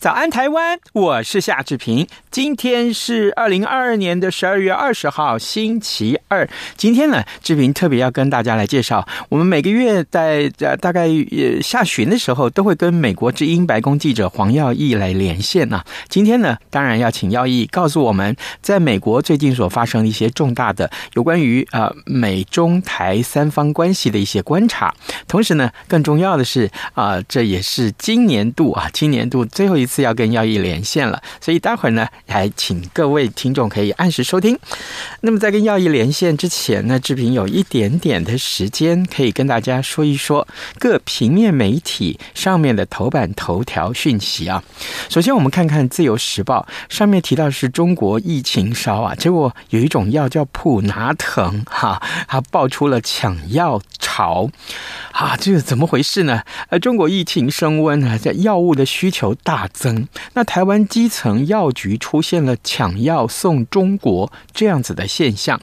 早安，台灣！我是夏志平。今天是二零二二年的十二月二十號，星期二。今天呢，志平特別要跟大家來介紹，我們每個月在呃大概呃下旬的時候，都會跟美國之音白宮記者黃耀毅來連線啊。今天呢，當然要請耀毅告訴我們，在美國最近所發生的一些重大的有關於呃美中台三方關係的一些觀察。同時呢，更重要的是啊、呃，這也是今年度啊今年度最後一次要跟耀毅連線了，所以待會兒呢。還請各位聽眾可以按時收聽。那麼，在跟耀毅連線之前呢，志平有一點點的時間，可以跟大家說一說各平面媒體上面的頭版頭條訊息啊。首先，我們看看《自由時報》上面提到是中國疫情燒啊，結果有一種藥叫普拿疼，哈、啊，它爆出了搶藥潮啊，這是怎麼回事呢？呃，中國疫情升溫啊，在藥物的需求大增，那台灣基層藥局出。出現了搶藥送中國這樣子的現象，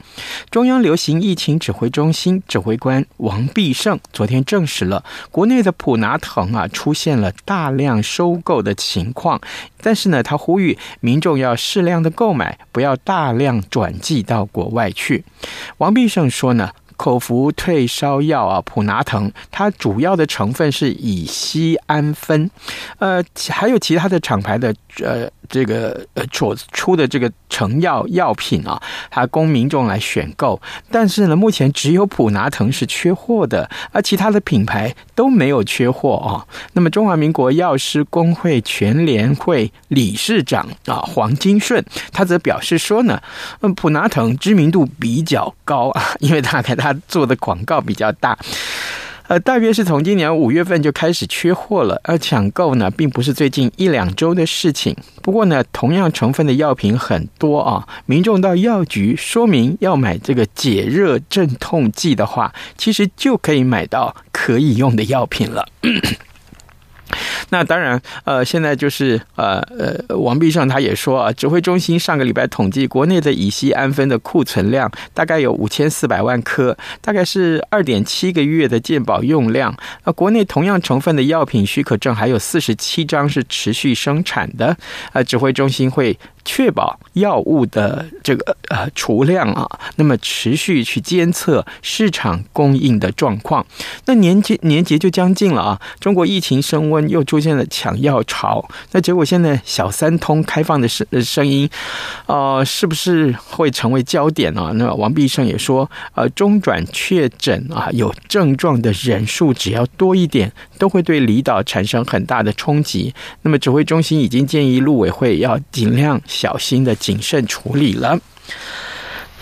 中央流行疫情指揮中心指揮官王必勝昨天證實了國內的普拿疼啊出現了大量收購的情況，但是呢，他呼籲民眾要適量的購買，不要大量轉寄到國外去。王必勝說呢。口服退燒藥啊，普拿疼，它主要的成分是乙醯胺酚，呃，還有其他的廠牌的呃這個呃出出的這個成藥藥品啊、哦，它供民眾來選購。但是呢，目前只有普拿疼是缺貨的，而其他的品牌都沒有缺貨啊、哦。那麼，中華民國藥師工會全聯會理事長啊、哦，黃金順，他則表示說呢，嗯，普拿疼知名度比較高啊，因為大概他。他做的廣告比較大，呃，大約是從今年五月份就開始缺貨了。而搶購呢，並不是最近一兩週的事情。不過呢，同樣成分的藥品很多啊、哦。民眾到藥局說明要買這個解熱鎮痛劑的話，其實就可以買到可以用的藥品了。 那當然，呃，現在就是呃呃，王必勝他也說啊，指揮中心上個禮拜統計國內的乙醯胺酚的庫存量大概有五千四百萬顆，大概是二點七個月的健保用量。那、呃、國內同樣成分的藥品許可證還有四十七張是持續生產的，呃，指揮中心會。確保藥物的這個呃儲量啊，那麼持續去監測市場供應的狀況。那年節年節就將近了啊，中國疫情升溫又出現了搶藥潮，那結果現在小三通開放的聲的聲音，呃，是不是會成為焦點呢？啊？那王必勝也說，呃，中轉確診啊，有症狀的人數只要多一點，都會對離島產生很大的衝擊。那麼，指揮中心已經建議陸委會要盡量。小心的謹慎處理了。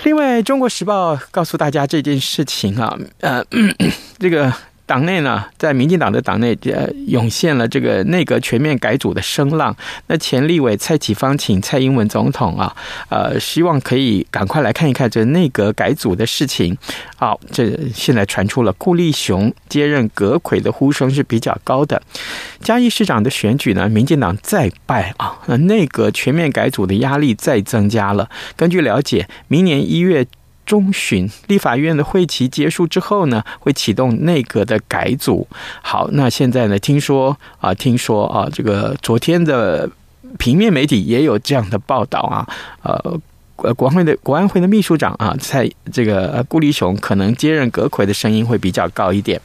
另外，《中國時報》告訴大家這件事情啊，嗯、呃，這個。黨內呢，在民進黨的黨內，呃，湧現了這個內閣全面改組的聲浪。那前立委蔡啟芳請蔡英文總統啊，呃，希望可以趕快來看一看這內閣改組的事情。好，這現在傳出了顧立雄接任閣揆的呼聲是比較高的。嘉義市長的選舉呢，民進黨再敗啊，那內閣全面改組的壓力再增加了。根據了解，明年一月。中旬，立法院的會期結束之後呢，會啟動內閣的改組。好，那現在呢？聽說啊，聽說啊，這個昨天的平面媒體也有這樣的報道啊。呃，呃，國安會的國安會的秘書長啊，在這個顧立雄可能接任閣揆的聲音會比較高一點。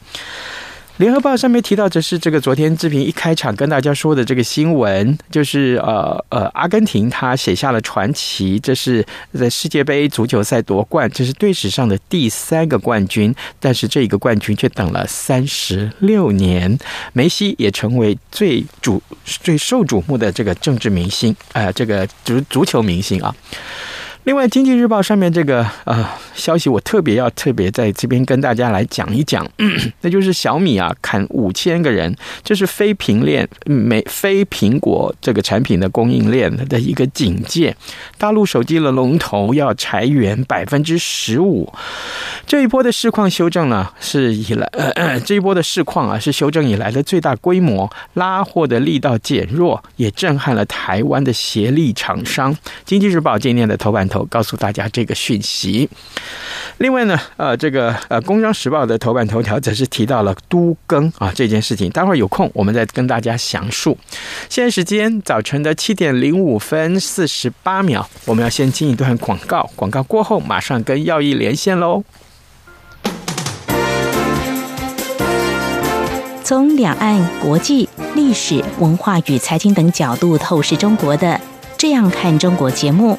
聯合報上面提到，這是這個昨天視頻一開場跟大家說的這個新聞，就是呃呃，阿根廷他寫下了傳奇，這是在世界杯足球賽奪冠，這是隊史上的第三個冠軍，但是這一個冠軍卻等了三十六年，梅西也成為最矚最受矚目的這個政治明星，呃，這個足足球明星啊。另外，《經濟日報》上面這個呃消息，我特別要特別在這邊跟大家來講一講，咳咳那就是小米啊砍五千個人，這是非蘋鏈沒非蘋果這個產品的供應鏈的一個警戒。大陸手機的龍頭要裁員百分之十五，這一波的市況修正呢，是以來呃呃這一波的市況啊是修正以來的最大規模。拉貨的力道減弱，也震撼了台灣的協力廠商。《經濟日報》今天的頭版。頭告訴大家這個訊息。另外呢，呃，這個呃，《工商時報》的頭版頭條則是提到了都更啊這件事情，待會兒有空我們再跟大家詳述。現在時間早晨的七點零五分四十八秒，我們要先進一段廣告。廣告過後，馬上跟耀毅連線嘍。從兩岸國際歷史文化與財經等角度透視中國的，這樣看中國節目，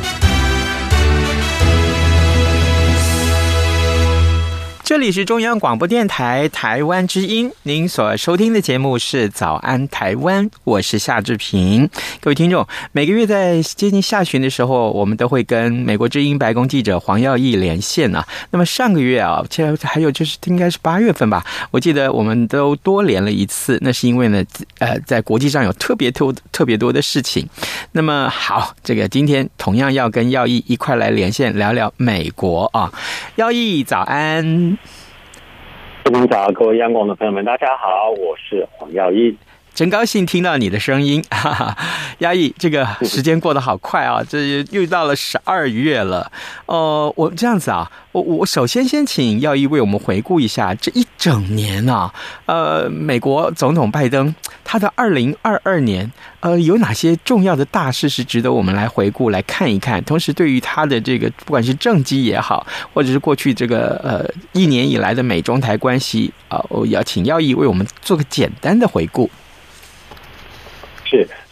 這裡是中央廣播電台台灣之音，您所收聽的節目是《早安台灣》，我是夏志平。各位聽眾，每個月在接近下旬的時候，我們都會跟美國之音白宮記者黃耀毅連線啊。那麼上個月啊，其實還有就是應該是八月份吧，我記得我們都多連了一次，那是因為呢，呃，在國際上有特別特特別多的事情。那麼好，這個今天同樣要跟耀毅一塊來連線聊聊美國啊。耀毅，早安。各位央廣的朋友們，大家好，我是黃耀毅。真高興聽到你的聲音，哈哈，耀毅，這個時間過得好快啊！這又到了十二月了。哦、呃，我這樣子啊，我我首先先請耀毅為我們回顧一下這一整年啊。呃，美國總統拜登他的二零二二年，呃，有哪些重要的大事是值得我們來回顧來看一看？同時，對於他的這個不管是政績也好，或者是過去這個呃一年以來的美中台關係啊、呃，我要請耀毅為我們做個簡單的回顧。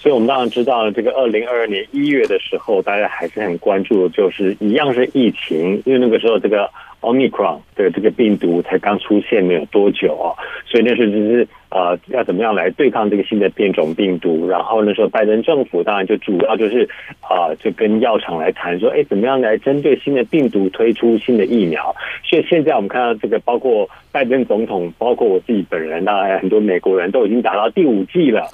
所以，我們當然知道，這個二零二二年一月的時候，大家還是很關注，就是一樣是疫情，因為那個時候這個。奧密克戎的這個病毒才剛出現沒有多久啊，所以那時候就是呃，要怎麼樣來對抗這個新的變種病毒？然後呢，就拜登政府當然就主要就是啊、呃，就跟藥廠來談說，哎，怎麼樣來針對新的病毒推出新的疫苗？所以現在我們看到這個，包括拜登總統，包括我自己本人，當然很多美國人都已經打到第五劑了。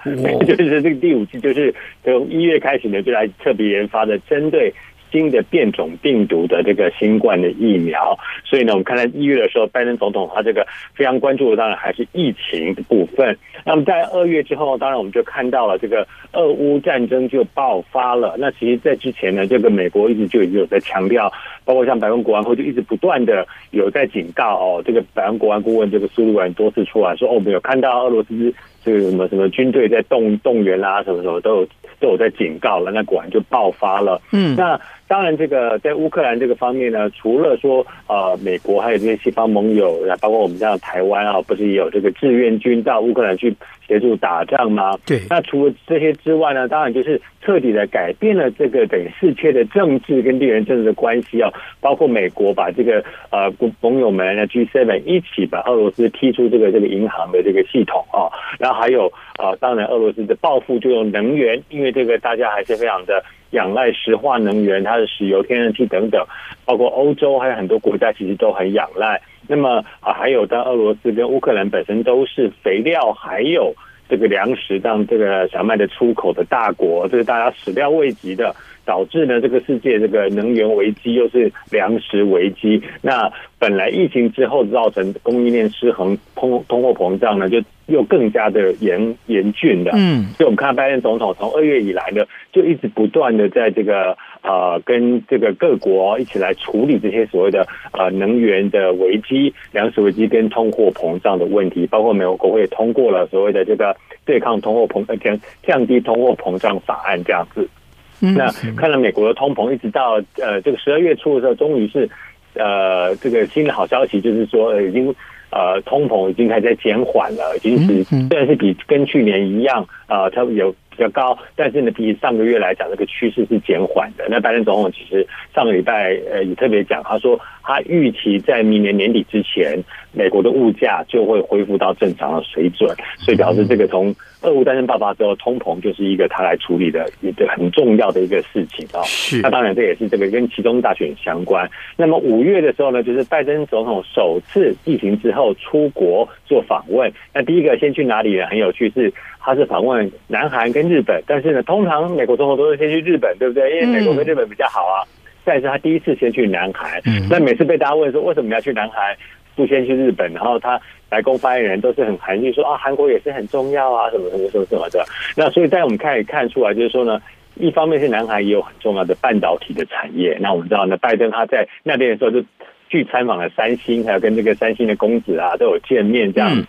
就是這個第五劑，就是從一月開始呢，就來特別研發的針對。新的變種病毒的這個新冠的疫苗，所以呢，我們看到一月的時候，拜登總統他這個非常關注的當然還是疫情的部分。那麼在二月之後，當然我們就看到了這個俄烏戰爭就爆發了。那其實，在之前呢，這個美國一直就已經有在強調，包括像白宮國安會就一直不斷的有在警告哦，這個白宮國安顧問這個蘇利文多次出來說，哦，我們有看到俄羅斯。這個什麼什麼軍隊在動動員啦、啊，什麼什麼都有都有在警告了，那果然就爆發了。嗯，那。當然，這個在烏克蘭這個方面呢，除了說呃，美國還有這些西方盟友，然後包括我們像台灣啊，不是也有這個志願軍到烏克蘭去協助打仗嗎？對。那除了這些之外呢，當然就是徹底的改變了這個等於世界的政治跟地緣政治的關係啊，包括美國把這個呃盟友們呢 G7 一起把俄羅斯踢出這個這個銀行的這個系統啊，然後還有。啊，當然，俄羅斯的報復就用能源，因為這個大家還是非常的仰賴石化能源，它的石油、天然氣等等，包括歐洲還有很多國家其實都很仰賴。那麼啊，還有當俄羅斯跟烏克蘭本身都是肥料還有這個糧食，當這個小麥的出口的大國，這是大家始料未及的。導致呢，這個世界這個能源危機，又是糧食危機，那本來疫情之後造成供應鏈失衡，通通貨膨脹呢，就又更加的嚴嚴峻的。嗯，所以我們看到拜登總統從二月以來呢，就一直不斷的在這個啊、呃，跟這個各國、哦、一起來處理這些所謂的啊、呃、能源的危機、糧食危機跟通貨膨脹的問題，包括美國國會也通過了所謂的這個對抗通貨膨脹降降低通貨膨脹法案這樣子。那看到美國的通膨，一直到呃這個十二月初的時候，終於是呃這個新的好消息，就是說已經呃通膨已經開始在減緩了，已經是雖然是比跟去年一樣啊，呃，它有比較高，但是呢比上個月來講，這個趨勢是減緩的。那拜登總統其實上個禮拜呃也特別講，他說。他預期在明年年底之前，美國的物價就會恢復到正常的水準，所以表示這個從俄烏戰爭爆發之後，通膨就是一個他來處理的一個很重要的一個事情啊。是那當然，這也是這個跟期中大選相關。那麼五月的時候呢，就是拜登總統首次疫情之後出國做訪問。那第一個先去哪裡呢？很有趣，是他是訪問南韓跟日本。但是呢，通常美國總統都是先去日本，對不對？因為美國跟日本比較好啊。嗯但是他第一次先去南韓，那嗯嗯每次被大家問說為什麼要去南韓，不先去日本？然後他白宮發言人都是很含蓄說啊，韓國也是很重要啊，什麼什麼什麼什麼的。那所以在我們看也看出來，就是說呢，一方面是南韓也有很重要的半導體的產業。那我們知道呢，拜登他在那邊的時候就去參訪了三星，還有跟這個三星的公子啊都有見面這樣。嗯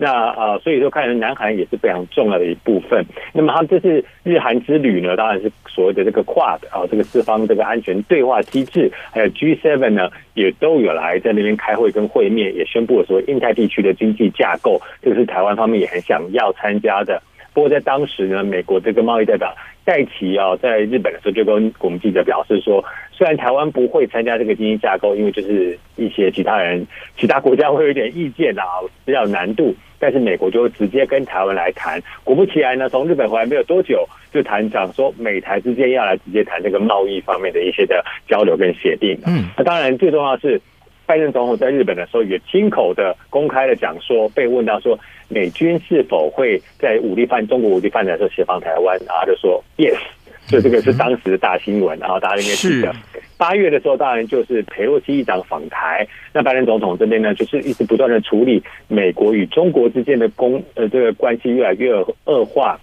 那啊，所以說看來南韓也是非常重要的一部分。那麼它，這是日韓之旅呢，當然是所謂的這個 Quad 啊，這個四方這個安全對話機制，還有 G7 呢，也都有來在那邊開會跟會面，也宣布說印太地區的經濟架構，這個是台灣方面也很想要參加的。不過在當時呢，美國這個貿易代表戴琪啊，在日本的時候就跟我們記者表示說，雖然台灣不會參加這個經濟架構，因為就是一些其他人其他國家會有點意見啊，比較難度。但是美國就直接跟台灣來談，果不其然呢，從日本回來沒有多久就談，就談講說美台之間要來直接談這個貿易方面的一些的交流跟協定。嗯，那、啊、當然最重要的是，拜登總統在日本的時候也親口的公開的講說，被問到說美軍是否會在武力犯中國武力犯台的時候協防台灣，然後就說 yes。這個是當時的大新聞，然後大家應該記得，八月的時候，當然就是裴洛西議長訪台，那拜登總統這邊呢，就是一直不斷的處理美國與中國之間的公呃這個關係越來越惡化。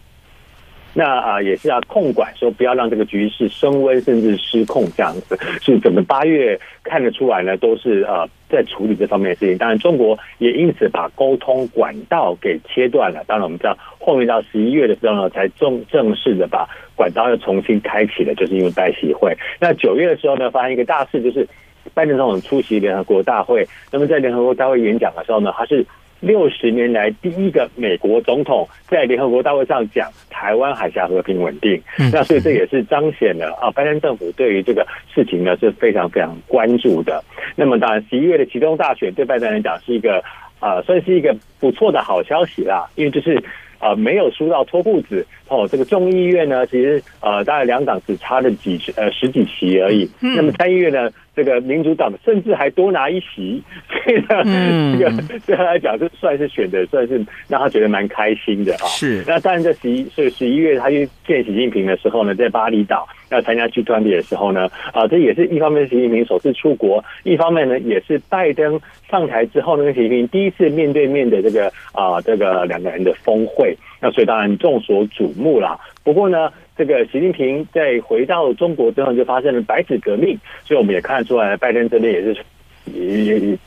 那啊，也是要控管，說不要讓這個局勢升溫，甚至失控這樣子。是整個八月看得出來呢，都是呃、啊、在處理這方面的事情。當然，中國也因此把溝通管道給切斷了。當然，我們知道後面到十一月的時候呢，才正正式的把管道又重新開啟了，就是因為拜席會。那九月的時候呢，發生一個大事，就是拜登總統出席聯合國大會。那麼在聯合國大會演講的時候呢，他是。六十年來第一個美國總統在聯合國大會上講台灣海峽和平穩定，那所以這也是彰顯了啊，拜登政府對於這個事情呢是非常非常關注的。那麼當然十一月的期中大選對拜登來講是一個啊、呃、算是一個不錯的好消息啦，因為就是啊、呃、沒有輸到脫褲子哦，這個眾議院呢其實呃大概兩黨只差了幾呃十幾席而已，那麼參議院呢。這個民主黨甚至還多拿一席，所以呢，嗯、這個對他來講，這算是選的，算是讓他覺得蠻開心的啊。是。那當然，在十一、歲十一月，他去見習近平的時候呢，在巴厘島要參加 G20 的時候呢，啊，這也是一方面，習近平首次出國；一方面呢，也是拜登上台之後，那個習近平第一次面對面的這個啊，這個兩個人的峰會，那所以當然眾所矚目啦。不過呢。這個習近平在回到中國之後就發生了白紙革命，所以我們也看出來，拜登這邊也是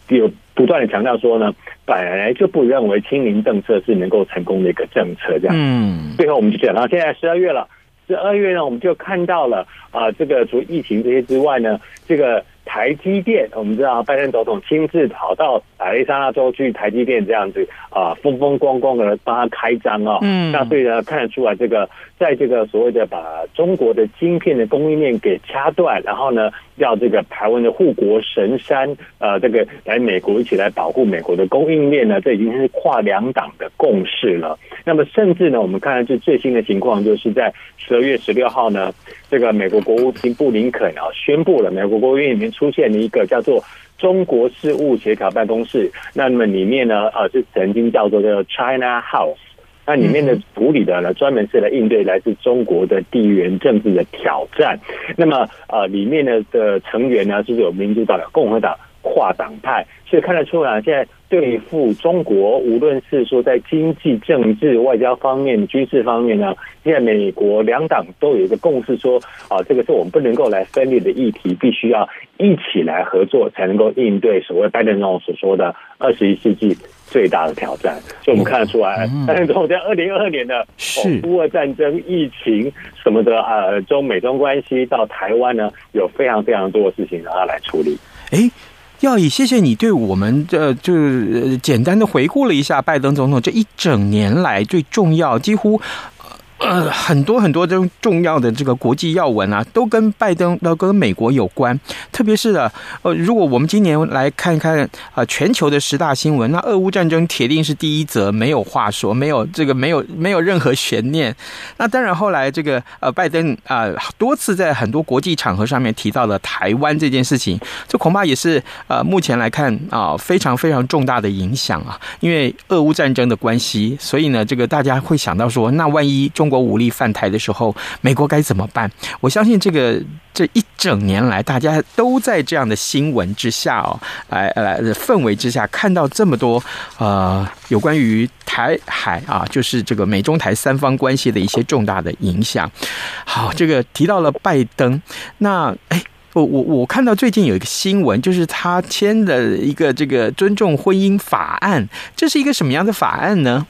也有不斷的強調說呢，本來就不認為清零政策是能夠成功的一個政策這樣。嗯，最後我們就講到現在十二月了，十二月呢我們就看到了啊，這個除疫情這些之外呢，這個。台積電，我們知道拜登總統親自跑到亞利桑那州去台積電這樣子啊，風風光光的幫他開張哦。嗯。那所以呢，看得出來，這個在這個所謂的把中國的晶片的供應鏈給掐斷，然後呢，要這個台灣的護國神山，呃，這個來美國一起來保護美國的供應鏈呢，這已經是跨兩黨的共識了。那麼，甚至呢，我們看這最新的情況，就是在十二月十六號呢。這個美國國務卿布林肯啊，宣布了，美國國務院已經出現了一個叫做中國事務協調辦公室。那，那麼裡面呢，呃，是曾經叫做叫做 China House，那裡面的處理的呢，專門是來應對來自中國的地緣政治的挑戰。那麼啊、呃，裡面的的成員呢，就是有民主黨的、共和黨。跨黨派，所以看得出來、啊，現在對付中國，無論是說在經濟、政治、外交方面、軍事方面呢，現在美國兩黨都有一個共識說，說啊，這個是我們不能夠來分裂的議題，必須要一起來合作，才能夠應對所謂拜登總統所說的二十一世紀最大的挑戰。所以我們看得出來，拜登總統在二零二二年的俄烏、哦、是戰爭、疫情什麼的啊，中美中關係到台灣呢，有非常非常多的事情讓他來處理。欸要以謝謝你對我們的，就是呃，簡單的回顧了一下拜登總統這一整年來最重要，幾乎。呃，很多很多這種重要的這個國際要聞啊，都跟拜登都跟美國有關，特別是呃，呃，如果我們今年來看一看啊、呃，全球的十大新聞，那俄烏戰爭鐵定是第一則，沒有話說，沒有這個沒有沒有任何懸念。那當然，後來這個呃，拜登啊、呃、多次在很多國際場合上面提到了台灣這件事情，這恐怕也是呃目前來看啊、呃、非常非常重大的影響啊，因為俄烏戰爭的關係，所以呢，這個大家會想到說，那萬一中國國武力犯台的時候，美國該怎麼辦？我相信這個這一整年來，大家都在這樣的新聞之下哦，來、呃、來氛圍之下，看到這麼多呃有關於台海啊，就是這個美中台三方關係的一些重大的影響。好，這個提到了拜登，那誒我我我看到最近有一個新聞，就是他簽的一個這個尊重婚姻法案，這是一個什麼樣的法案呢？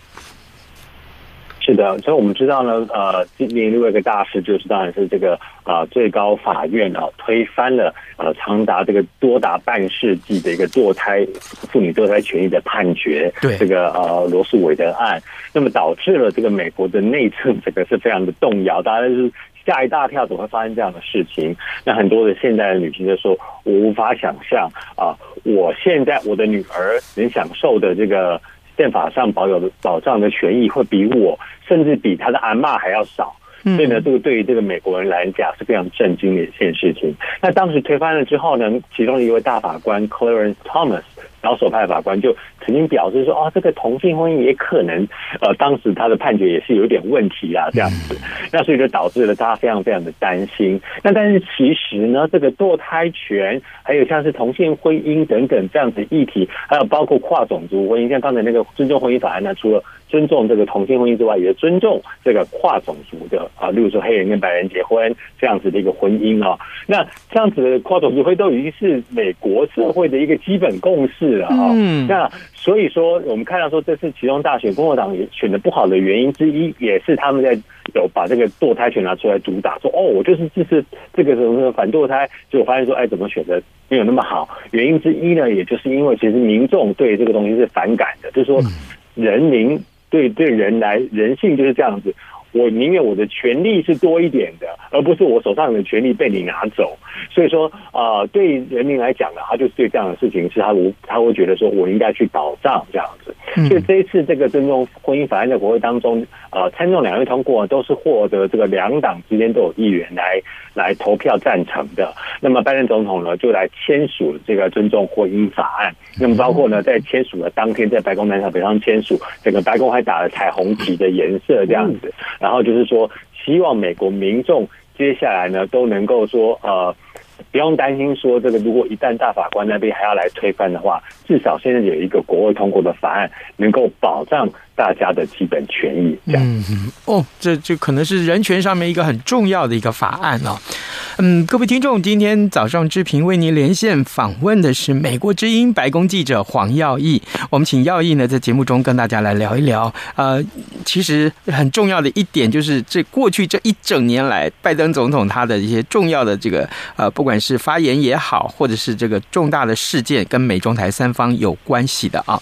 是的，所以我們知道呢，呃，今年另外一個大事就是，當然是這個啊、呃，最高法院哦、啊、推翻了呃長達這個多達半世紀的一個墮胎婦女墮胎權益的判決，對這個呃羅訴韋德案，那麼導致了這個美國的內政這個是非常的動搖，大家是嚇一大跳，怎麼會發生這樣的事情？那很多的現代的女性就說，我無法想象啊、呃，我現在我的女兒能享受的這個。憲法上保有的保障的權益會比我，甚至比他的阿嬤還要少，所以呢，這個對於這個美國人來講是非常震驚的一件事情。那當時推翻了之後呢，其中一位大法官 Clarence Thomas。保守派法官就曾經表示說：“啊、哦，這個同性婚姻也可能……呃，當時他的判決也是有點問題啊，這樣子，那所以就導致了大家非常非常的擔心。那但是其實呢，這個墮胎權，還有像是同性婚姻等等這樣子議題，還有包括跨種族婚姻，像剛才那個尊重婚姻法案呢，除了尊重這個同性婚姻之外，也尊重這個跨種族的啊，例如說黑人跟白人結婚這樣子的一個婚姻啊、哦。那這樣子的跨種族婚姻都已經是美國社會的一個基本共識。”是的嗯。那所以說，我們看到說，這次其中大選，共和黨也選的不好的原因之一，也是他們在有把這個墮胎權拿出來主打，說哦，我就是支持這個什麼什麼反墮胎，就發現說，哎，怎麼選擇沒有那麼好？原因之一呢，也就是因為其實民眾對這個東西是反感的，就是說人民對對人來人性就是這樣子。我寧願我的權利是多一點的，而不是我手上的權利被你拿走。所以說啊、呃，對人民來講呢，他就是對這樣的事情，是他無，他會覺得說我應該去保障這樣子。所以這一次這個尊重婚姻法案在國會當中呃，參眾兩院通過都是獲得這個兩黨之間都有議員來來投票贊成的。那麼拜登總統呢，就來簽署這個尊重婚姻法案。那麼包括呢，在簽署的當天，在白宮南草坪上簽署，這個白宮還打了彩虹旗的顏色這樣子。然後就是說，希望美國民眾接下來呢都能夠說，呃，不用擔心說這個，如果一旦大法官那邊還要來推翻的話，至少現在有一個國會通過的法案能夠保障大家的基本權益。嗯，嗯哦，這就可能是人權上面一個很重要的一個法案哦，嗯，各位聽眾，今天早上之平為您連線訪問的是美國之音白宮記者黃耀毅，我們請耀毅呢在節目中跟大家來聊一聊。呃，其實很重要的一點就是，這過去這一整年來，拜登總統他的一些重要的這個呃，不管是發言也好，或者是這個重大的事件，跟美中台三方有關係的啊。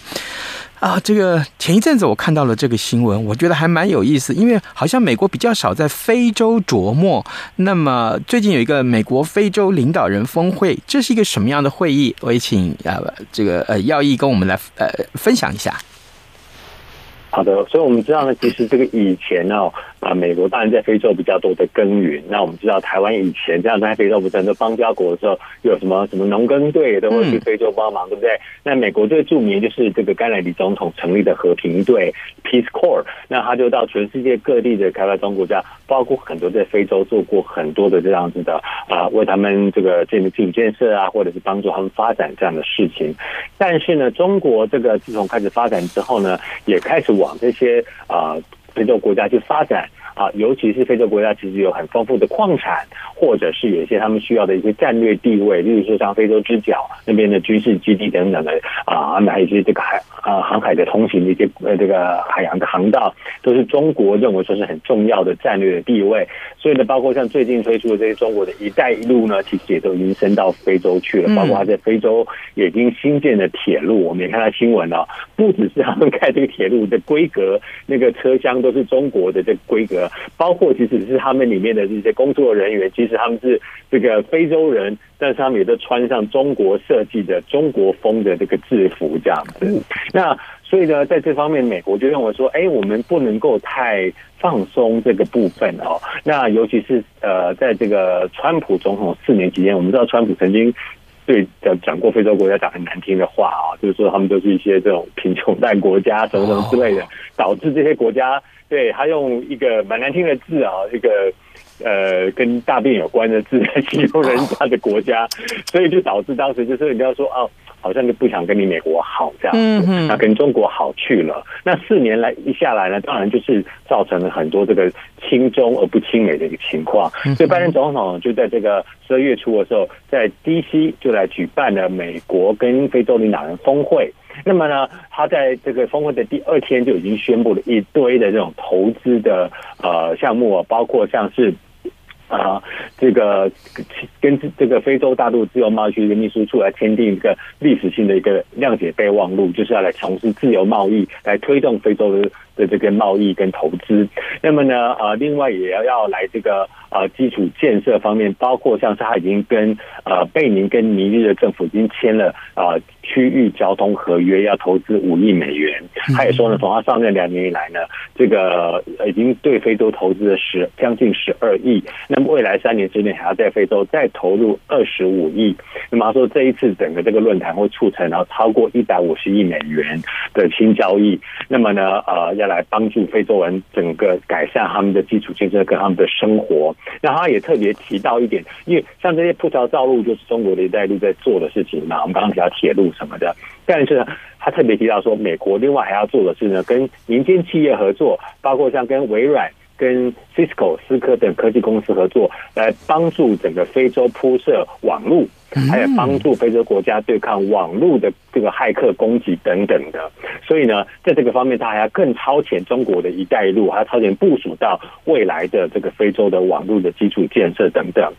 啊、哦，這個前一陣子我看到了這個新聞，我覺得還蠻有意思，因為好像美國比較少在非洲著墨。那麼最近有一個美國非洲領導人峰會，這是一個什麼樣的會議？我也請啊這個呃耀毅，跟我們來呃分享一下。好的，所以我們知道呢，其實這個以前呢、哦。啊，美國當然在非洲比較多的耕耘。那我們知道，台灣以前這樣在非洲不是在邦交國的時候，有什麼什麼農耕隊都會去非洲幫忙，對不對？嗯、那美國最著名就是這個甘乃迪總統成立的和平隊 （Peace Corps），那他就到全世界各地的開發中國家，包括很多在非洲做過很多的這樣子的啊，為他們這個進行基礎建設啊，或者是幫助他們發展這樣的事情。但是呢，中國這個自從開始發展之後呢，也開始往這些啊。呃這叫國家去發展。啊，尤其是非洲國家，其實有很豐富的礦產，或者是有些他們需要的一些戰略地位，例如說像非洲之角那邊的軍事基地等等的啊，哪一些這個海啊，航海的通行的一些呃這個海洋的航道，都是中國認為說是很重要的戰略的地位。所以呢，包括像最近推出的這些中國的一帶一路呢，其實也都延伸到非洲去了，包括它在非洲也已經新建的鐵路，我們也看到新聞了，哦，不只是他們開這個鐵路的規格，那個車廂都是中國的這規格。包括其實是他們裡面的這些工作人員，其實他們是這個非洲人，但是他們也都穿上中國設計的中國風的這個制服這樣子。那所以呢，在這方面，美國就認為說，哎、欸，我們不能夠太放鬆這個部分哦。那尤其是呃，在這個川普總統四年期間，我們知道川普曾經對講過非洲國家講很難聽的話啊、哦，就是說他們都是一些這種貧窮爛國家什麼什麼什麼之類的，導致這些國家。對他用一個蠻難聽的字啊，一個，呃，跟大便有關的字來形容人家的國家，所以就導致當時就是人家說哦，好像就不想跟你美國好這樣子，那，嗯哼，跟中國好去了。那四年來一下來呢，當然就是造成了很多這個親中而不親美的一個情況。所以拜登總統就在這個十二月初的時候，在 D C 就來舉辦了美國跟非洲領導人峰會。那麼呢，他在這個峰會的第二天就已經宣布了一堆的這種投資的呃項目啊，包括像是啊、呃、這個跟這個非洲大陸自由貿易區一個秘書處來簽訂一個歷史性的一個諒解備忘錄，就是要來從事自由貿易，來推動非洲的。這個貿易跟投資，那麼呢，呃，另外也要要來這個呃基礎建設方面，包括像是他已經跟呃貝寧跟尼日的政府已經簽了啊區域交通合約，要投資五億美元。他也說呢，從他上任兩年以來呢，這個已經對非洲投資了十將近十二億，那麼未來三年之內還要在非洲再投入二十五億。那麼他說這一次整個這個論壇會促成然後超過一百五十億美元的新交易。那麼呢，呃要。來幫助非洲人整個改善他們的基礎建設跟他們的生活。那他也特別提到一點，因為像這些鋪橋造路就是中國的一帶一路在做的事情嘛。我們剛剛提到鐵路什麼的，但是呢，他特別提到說，美國另外還要做的是呢，跟民間企業合作，包括像跟微軟。跟 Cisco 思科等科技公司合作，來幫助整個非洲鋪設網路，還有幫助非洲國家對抗網絡的這個駭客攻擊等等的。所以呢，在這個方面，它還要更超前中國的“一帶一路”，還要超前部署到未來的這個非洲的網路的基礎建設等等。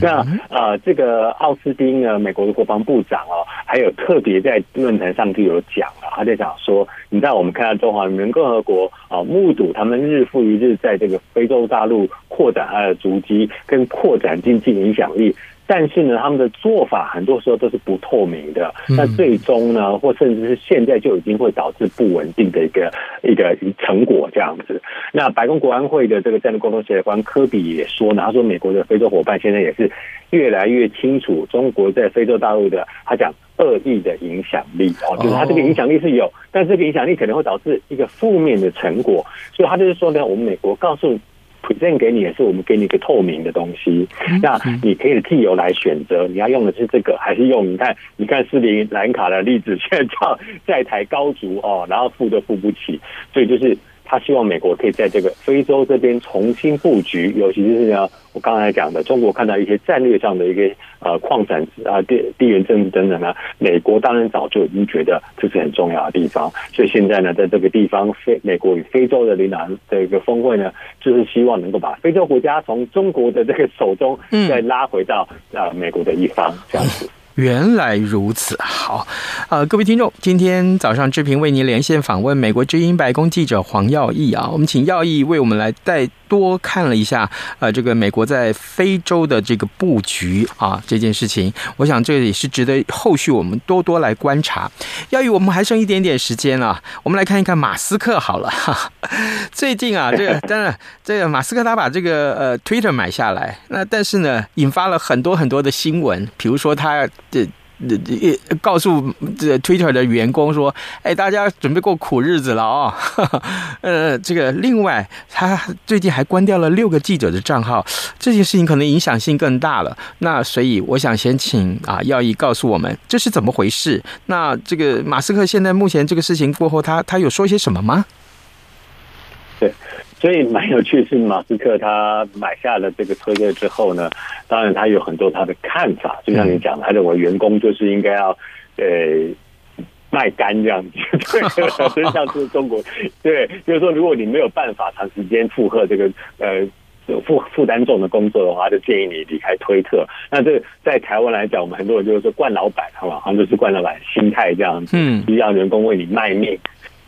那啊、呃，這個奧斯汀呢，美國的國防部長哦，還有特別在論壇上就有講了，他在講說，你知道我們看到中華人民共和國啊，目睹他們日復一日在這個非洲大陸擴展它的足跡，跟擴展經濟影響力。但是呢，他們的做法很多時候都是不透明的。嗯、那最終呢，或甚至是現在就已經會導致不穩定的一個一個成果這樣子。那白宮國安會的這個戰略溝通協調官科比也說呢，他說美國的非洲夥伴現在也是越來越清楚，中國在非洲大陸的他講惡意的影響力哦，就是他這個影響力是有，但是這個影響力可能會導致一個負面的成果。所以他就是說呢，我們美國告訴。推薦給你也是我們給你一個透明的東西，那你可以自由來選擇，你要用的是這個還是用？你看，你看斯里蘭卡的例子，現在債台高築哦，然後付都付不起，所以就是。他希望美國可以在這個非洲這邊重新佈局，尤其就是呢，我剛才講的，中國看到一些戰略上的一個呃礦產啊地地緣政治等等呢，美國當然早就已經覺得這是很重要的地方，所以現在呢，在這個地方非美國與非洲的領導人的一個峰會呢，就是希望能夠把非洲國家從中國的這個手中再拉回到啊、呃、美國的一方這樣子。原來如此，好，呃，各位聽眾，今天早上志平為您連線訪問美國之音白宮記者黃耀毅啊，我們請耀毅為我們來再多看了一下，呃，這個美國在非洲的這個布局啊，這件事情，我想這也是值得後續我們多多來觀察。耀毅，我們還剩一點點時間啊。我們來看一看馬斯克好了，哈哈，最近啊，這個當然，這個馬斯克他把這個呃 Twitter 買下來，那但是呢，引發了很多很多的新聞，比如說他。這這也告訴這推特的員工說：“哎，大家準備過苦日子了啊、哦！”呃，這個另外，他最近還關掉了六個記者的賬號，這件事情可能影響性更大了。那所以，我想先請啊，耀毅告訴我們這是怎麼回事。那這個馬斯克現在目前這個事情過後他，他他有說些什麼嗎？對。所以蠻有趣，是馬斯克他買下了這個推特之後呢，當然他有很多他的看法，就像你講，他認為員工就是應該要呃賣肝這樣子、 嗯，對，所以像是中國，對，就是說如果你沒有辦法長時間負荷這個呃負負擔重的工作的話，就建議你離開推特。那這在台灣來講，我們很多人就是說慣老闆，啊，好像就是慣老闆心態這樣子，嗯，讓員工為你賣命。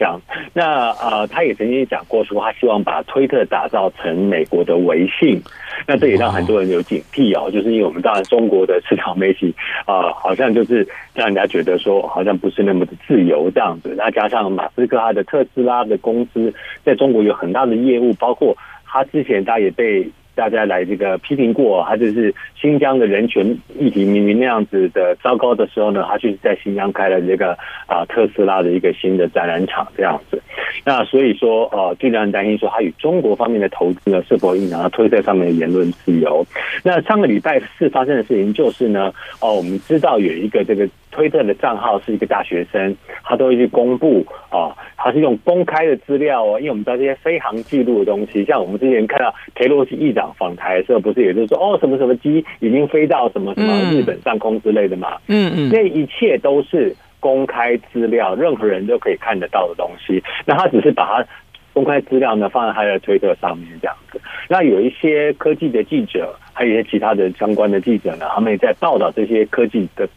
講，那，呃，他也曾經講過說，他希望把推特打造成美國的微信。那這也讓很多人有警惕哦，就是因為我們當然中國的市場媒體啊、呃，好像就是讓人家覺得說，好像不是那麼的自由這樣子。那加上馬斯克他的特斯拉的公司在中國有很大的業務，包括他之前他也被，大家來這個批評過他，就是新疆的人權議題明明那樣子的糟糕的時候呢，他就是在新疆開了這個啊、呃、特斯拉的一個新的展覽場這樣子。那所以說，呃，最讓人擔心說，他與中國方面的投資呢，是否影響到推特上面的言論自由？那上個禮拜四發生的事情就是呢，哦，我們知道有一個這個。推特的賬號是一個大學生，他都會去公布啊、哦，他是用公開的資料哦，因為我們知道這些飛行記錄的東西，像我們之前看到裴洛西議長訪台的時候，不是也就是說哦，什麼什麼機已經飛到什麼什麼日本上空之類的嘛，嗯嗯，嗯，那、嗯嗯嗯嗯、一切都是公開資料，任何人都可以看得到的東西，那他只是把他公開資料呢放在他的推特上面這樣子，那有一些科技的記者，還有一些其他的相關的記者呢，他們也在報道這些科技的。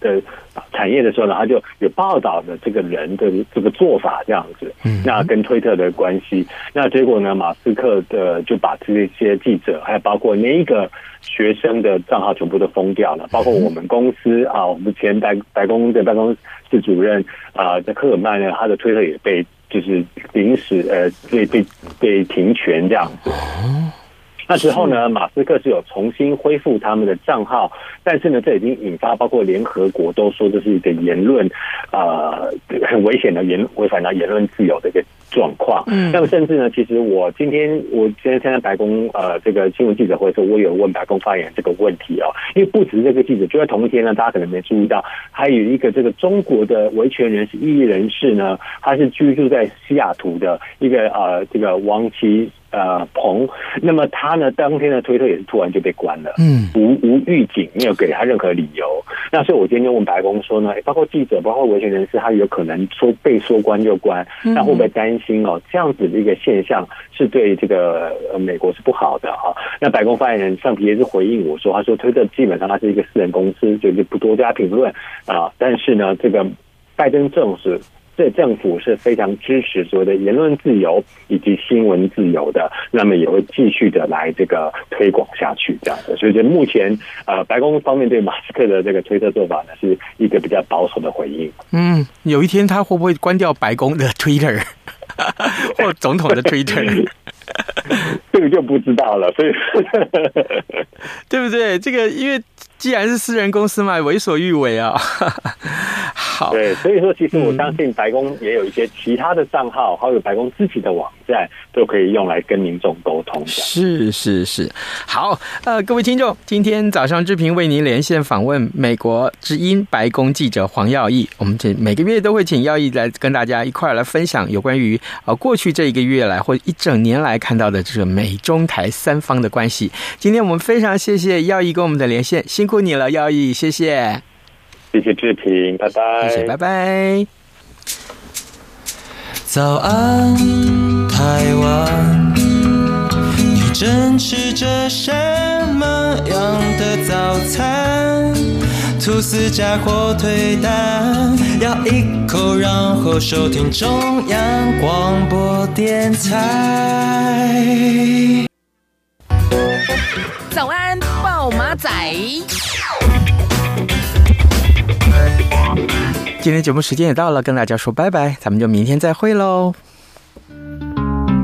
的產業的時候呢，他就有報道的這個人的這個做法這樣子，那跟推特的關係，那結果呢，馬斯克的就把這些記者，還有包括那一個學生的賬號全部都封掉了，包括我們公司啊，我們前白白宮的辦公室主任啊，在、呃、克爾曼呢，他的推特也被就是臨時呃被被被停權這樣子。那時候呢，馬斯克是有重新恢復他們的賬號，但是呢，這已經引發包括聯合國都說這是一個言論啊、呃、很危險的言違反了言論自由的一個狀況。嗯，那麼甚至呢，其實我今天我今天在白宮呃這個新聞記者會中，我有問白宮發言這個問題哦，因為不止這個記者，就在同一天呢，大家可能沒注意到，還有一個這個中國的維權人士異議人士呢，他是居住在西雅圖的一個呃這個王琦。呃，彭，那麼他呢，當天的推特也是突然就被關了，嗯，無無預警，沒有給他任何理由。那所以，我今天就問白宮說呢，包括記者，包括維權人士，他有可能說被說關就關，那會不會擔心哦？這樣子的一個現象是對這個、呃、美國是不好的哈、啊。那白宮發言人尚皮耶是回應我說，他說推特基本上它是一個私人公司，就是不多加評論啊、呃。但是呢，這個拜登政府。這政府是非常支持所謂的言論自由以及新聞自由的，那麼也會繼續的來這個推廣下去這樣的。所以，就目前啊、呃，白宮方面對馬斯克的這個推特做法呢，是一個比較保守的回應。嗯，有一天他會不會關掉白宮的 Twitter 或總統的 Twitter？這個 對 就不知道了。所以， 對不對？這個因為。既然是私人公司嘛，為所欲為啊！ 好，對，所以說，其實我相信白宮也有一些其他的賬號，嗯、還有白宮自己的網站，都可以用來跟民眾溝通的。是是是，好，呃，各位聽眾，今天早上志平為您連線訪問美國之音白宮記者黃耀毅。我們這每個月都會請耀毅來跟大家一塊來分享有關於啊過去這一個月來或一整年來看到的這個美中台三方的關係。今天我們非常謝謝耀毅跟我們的連線，新。辛苦你了，耀毅，謝謝。謝謝志平，拜拜。謝謝，拜拜。早安，台灣，你正吃着什麼樣的早餐？吐司加火腿蛋，咬一口，然後收聽中央廣播電台。嗯早安，報馬仔！今天節目時間也到了，跟大家說拜拜，咱們就明天再會嘍。